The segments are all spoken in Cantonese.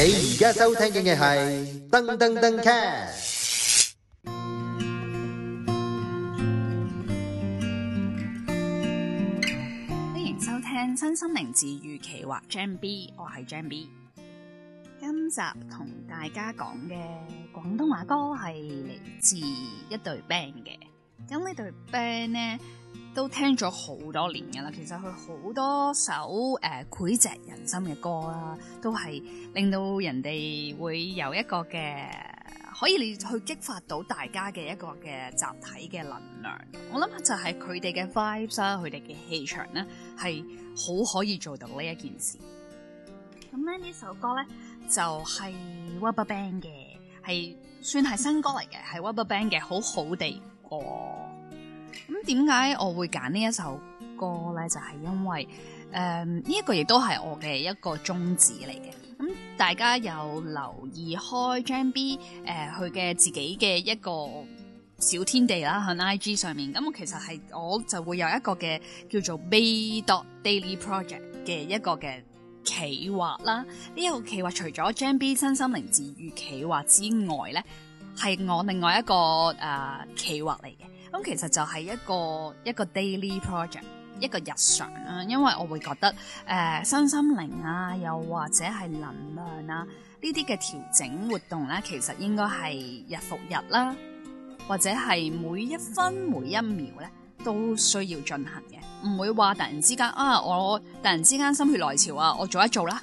你而家收聽嘅係噔噔噔 cast，歡迎收聽《新心靈治愈企劃 Jam B》，我係 Jam B。今集同大家講嘅廣東話歌係嚟自一對 band 嘅。咁呢對 band 呢？都聽咗好多年㗎啦，其實佢好多首誒膾炙人心嘅歌啦、啊，都係令到人哋會有一個嘅可以嚟去激發到大家嘅一個嘅集體嘅能量。我諗就係佢哋嘅 vibes 啦，佢哋嘅氣場咧係好可以做到呢一件事。咁咧呢首歌咧就係 RubberBand 嘅，係算係新歌嚟嘅，係 RubberBand 嘅好好地過。咁點解我會揀呢一首歌咧？就係、是、因為誒呢一個亦都係我嘅一個宗旨嚟嘅。咁大家有留意開 Jam B 誒佢嘅自己嘅一個小天地啦，喺 IG 上面。咁其實係我就會有一個嘅叫做 Made Daily Project 嘅一個嘅企劃啦。呢、這、一個企劃除咗 Jam B 真心靈治癒企劃之外咧。係我另外一個誒、呃、企劃嚟嘅，咁其實就係一個一個 daily project，一個日常啦。因為我會覺得誒、呃，身心靈啊，又或者係能量啊呢啲嘅調整活動咧，其實應該係日復日啦，或者係每一分每一秒咧都需要進行嘅，唔會話突然之間啊，我突然之間心血來潮啊，我做一做啦，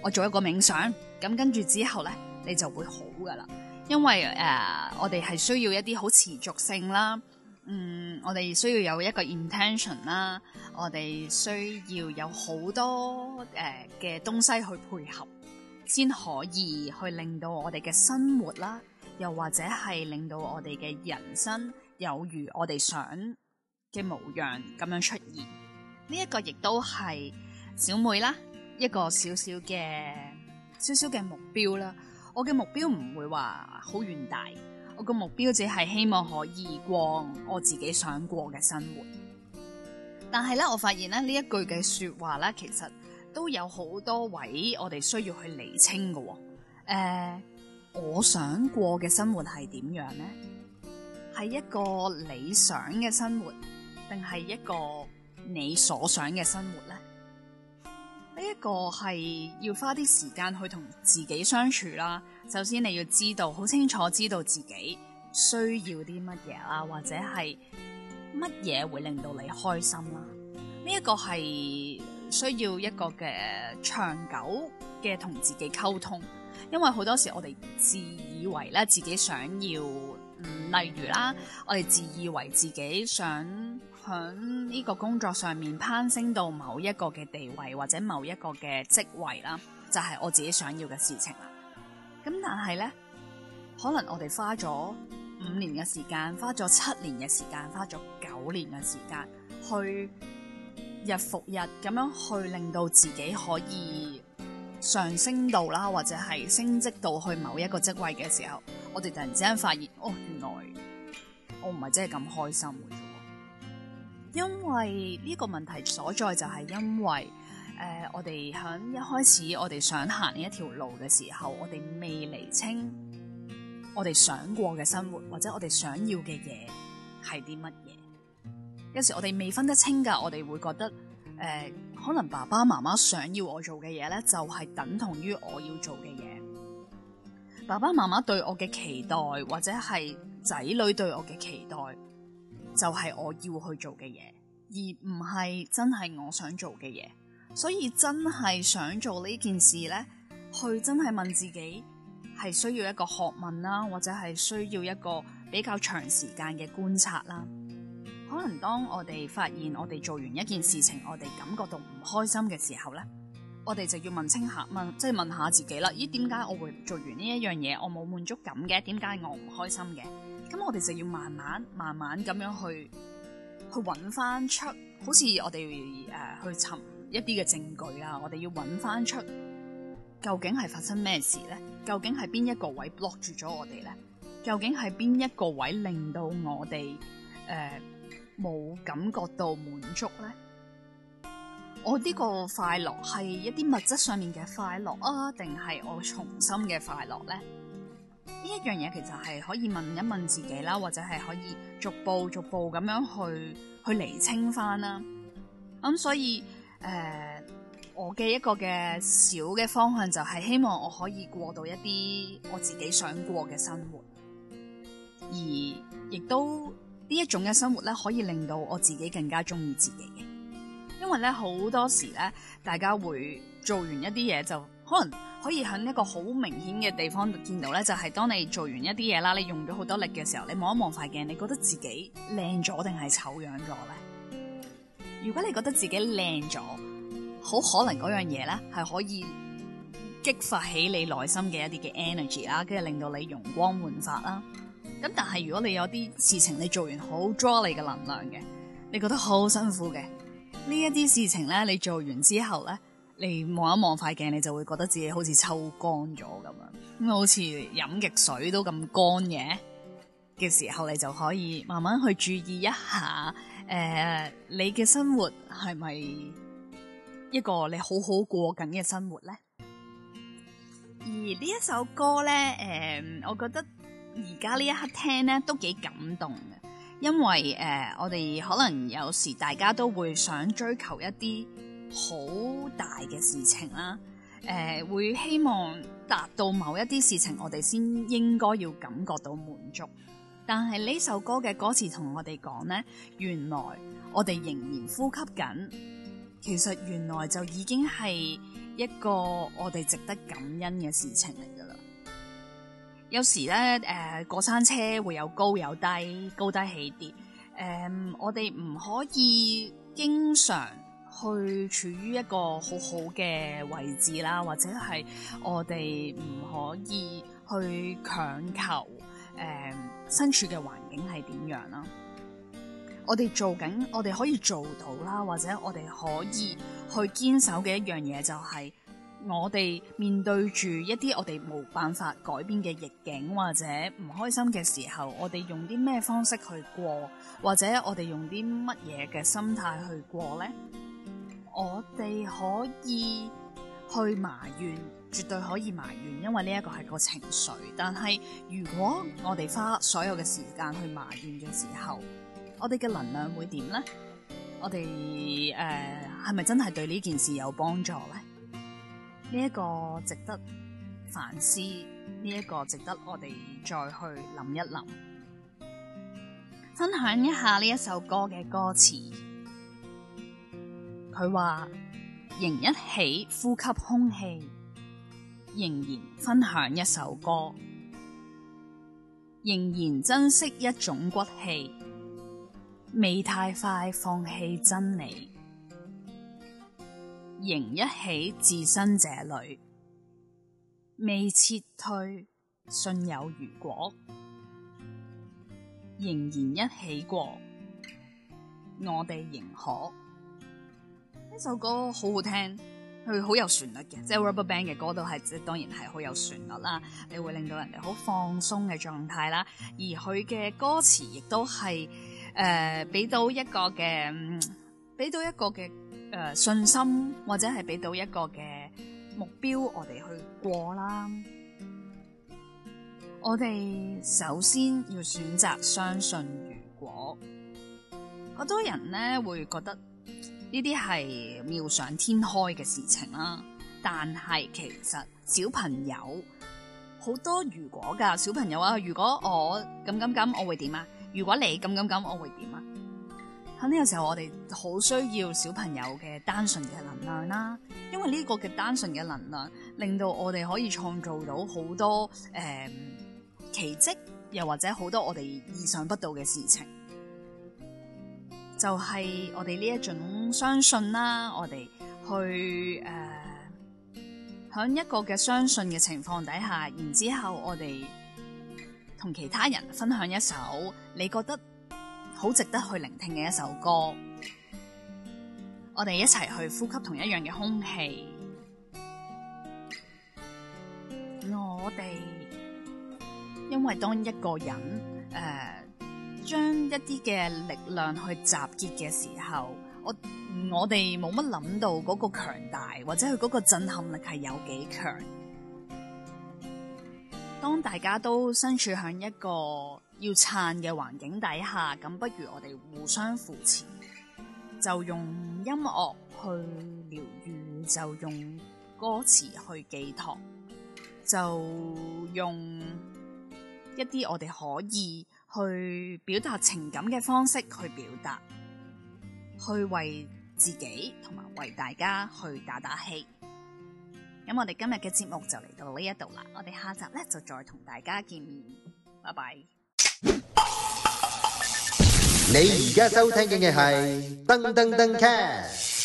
我做一個冥想咁，跟住之後咧你就會好㗎喇。因為誒，uh, 我哋係需要一啲好持續性啦。嗯，我哋需要有一個 intention 啦，我哋需要有好多誒嘅、uh, 東西去配合，先可以去令到我哋嘅生活啦，又或者係令到我哋嘅人生有如我哋想嘅模樣咁樣出現。呢、這、一個亦都係小妹啦，一個小小嘅小小嘅目標啦。我嘅目標唔會話好遠大，我嘅目標只係希望可以過我自己想過嘅生活。但係咧，我發現咧呢一句嘅說話咧，其實都有好多位我哋需要去厘清嘅。誒、呃，我想過嘅生活係點樣呢？係一個理想嘅生活，定係一個你所想嘅生活呢？呢一個係要花啲時間去同自己相處啦。首先你要知道好清楚知道自己需要啲乜嘢啦，或者係乜嘢會令到你開心啦。呢一個係需要一個嘅長久嘅同自己溝通，因為好多時我哋自以為咧自己想要，例如啦，我哋自以為自己想，響呢個工作上面攀升到某一個嘅地位或者某一個嘅職位啦，就係我自己想要嘅事情啦。咁但係咧，可能我哋花咗五年嘅時間，花咗七年嘅時間，花咗九年嘅時間，去日復日咁樣去令到自己可以上升到啦，或者係升職到去某一個職位嘅時候，我哋突然之間發現，哦，原來我唔係真係咁開心嘅。因為呢個問題所在就係因為誒、呃，我哋喺一開始我哋想行呢一條路嘅時候，我哋未釐清我哋想過嘅生活或者我哋想要嘅嘢係啲乜嘢。有時我哋未分得清㗎，我哋會覺得誒、呃，可能爸爸媽媽想要我做嘅嘢呢，就係、是、等同於我要做嘅嘢。爸爸媽媽對我嘅期待或者係仔女對我嘅期待。就係我要去做嘅嘢，而唔係真係我想做嘅嘢。所以真係想做呢件事呢，去真係問自己係需要一個學問啦，或者係需要一個比較長時間嘅觀察啦。可能當我哋發現我哋做完一件事情，我哋感覺到唔開心嘅時候呢，我哋就要問清下問，即係問下自己啦。咦，點解我會做完呢一樣嘢，我冇滿足感嘅？點解我唔開心嘅？咁我哋就要慢慢、慢慢咁樣去去揾翻出，好似我哋誒、呃、去尋一啲嘅證據啊，我哋要揾翻出究竟係發生咩事咧？究竟係邊一個位 block 住咗我哋咧？究竟係邊一個位令到我哋誒冇感覺到滿足咧？我呢個快樂係一啲物質上面嘅快樂啊，定係我從心嘅快樂咧？呢一樣嘢其實係可以問一問自己啦，或者係可以逐步逐步咁樣去去釐清翻啦。咁、嗯、所以誒、呃，我嘅一個嘅小嘅方向就係希望我可以過到一啲我自己想過嘅生活，而亦都呢一種嘅生活咧，可以令到我自己更加鍾意自己嘅。因為咧，好多時咧，大家會做完一啲嘢就可能，可以喺一個好明顯嘅地方見到咧，就係當你做完一啲嘢啦，你用咗好多力嘅時候，你望一望塊鏡，你覺得自己靚咗定係醜樣咗咧？如果你覺得自己靚咗，好可能嗰樣嘢咧係可以激發起你內心嘅一啲嘅 energy 啦，跟住令到你容光煥發啦。咁但係如果你有啲事情你做完好，好 draw 你嘅能量嘅，你覺得好辛苦嘅呢一啲事情咧，你做完之後咧？你望一望塊鏡，你就會覺得自己好似抽乾咗咁樣，咁好似飲極水都咁乾嘅嘅時候，你就可以慢慢去注意一下，誒、呃，你嘅生活係咪一個你好好過緊嘅生活咧？而呢一首歌咧，誒、呃，我覺得而家呢一刻聽咧都幾感動嘅，因為誒、呃，我哋可能有時大家都會想追求一啲。好大嘅事情啦，誒、呃，會希望達到某一啲事情，我哋先應該要感覺到滿足。但係呢首歌嘅歌詞同我哋講咧，原來我哋仍然呼吸緊，其實原來就已經係一個我哋值得感恩嘅事情嚟噶啦。有時咧，誒、呃，過山車會有高有低，高低起跌，誒、呃，我哋唔可以經常。去處於一個好好嘅位置啦，或者係我哋唔可以去強求誒、呃、身處嘅環境係點樣啦。我哋做緊，我哋可以做到啦，或者我哋可以去堅守嘅一樣嘢，就係我哋面對住一啲我哋冇辦法改變嘅逆境，或者唔開心嘅時候，我哋用啲咩方式去過，或者我哋用啲乜嘢嘅心態去過呢？我哋可以去埋怨，絕對可以埋怨，因為呢一個係個情緒。但係如果我哋花所有嘅時間去埋怨嘅時候，我哋嘅能量會點咧？我哋誒係咪真係對呢件事有幫助咧？呢一個值得反思，呢一個值得我哋再去諗一諗，分享一下呢一首歌嘅歌詞。佢話仍一起呼吸空氣，仍然分享一首歌，仍然珍惜一種骨氣，未太快放棄真理，仍一起置身這裡，未撤退，信有如果，仍然一起過，我哋仍可。呢首歌好好聽，佢好有旋律嘅，即係 RubberBand 嘅歌都係，即係當然係好有旋律啦。你會令到人哋好放鬆嘅狀態啦，而佢嘅歌詞亦都係誒，俾、呃、到一個嘅，俾到一個嘅誒、呃、信心，或者係俾到一個嘅目標，我哋去過啦。我哋首先要選擇相信。如果好多人咧會覺得。呢啲係妙想天開嘅事情啦，但係其實小朋友好多如果噶小朋友啊，如果我咁咁咁，我會點啊？如果你咁咁咁，我會點啊？喺呢個時候我哋好需要小朋友嘅單純嘅能量啦，因為呢個嘅單純嘅能量令到我哋可以創造到好多誒、呃、奇蹟，又或者好多我哋意想不到嘅事情。就係我哋呢一種相信啦，我哋去誒響、uh, 一個嘅相信嘅情況底下，然之後我哋同其他人分享一首你覺得好值得去聆聽嘅一首歌，我哋一齊去呼吸同一樣嘅空氣。我哋因為當一個人誒。Uh, 將一啲嘅力量去集結嘅時候，我我哋冇乜諗到嗰個強大，或者佢嗰個震撼力係有幾強。當大家都身處響一個要撐嘅環境底下，咁不如我哋互相扶持，就用音樂去療癒，就用歌詞去寄託，就用一啲我哋可以。去表達情感嘅方式，去表達，去為自己同埋為大家去打打氣。咁我哋今日嘅節目就嚟到呢一度啦，我哋下集咧就再同大家見面。拜拜！你而家收聽緊嘅係噔噔噔 c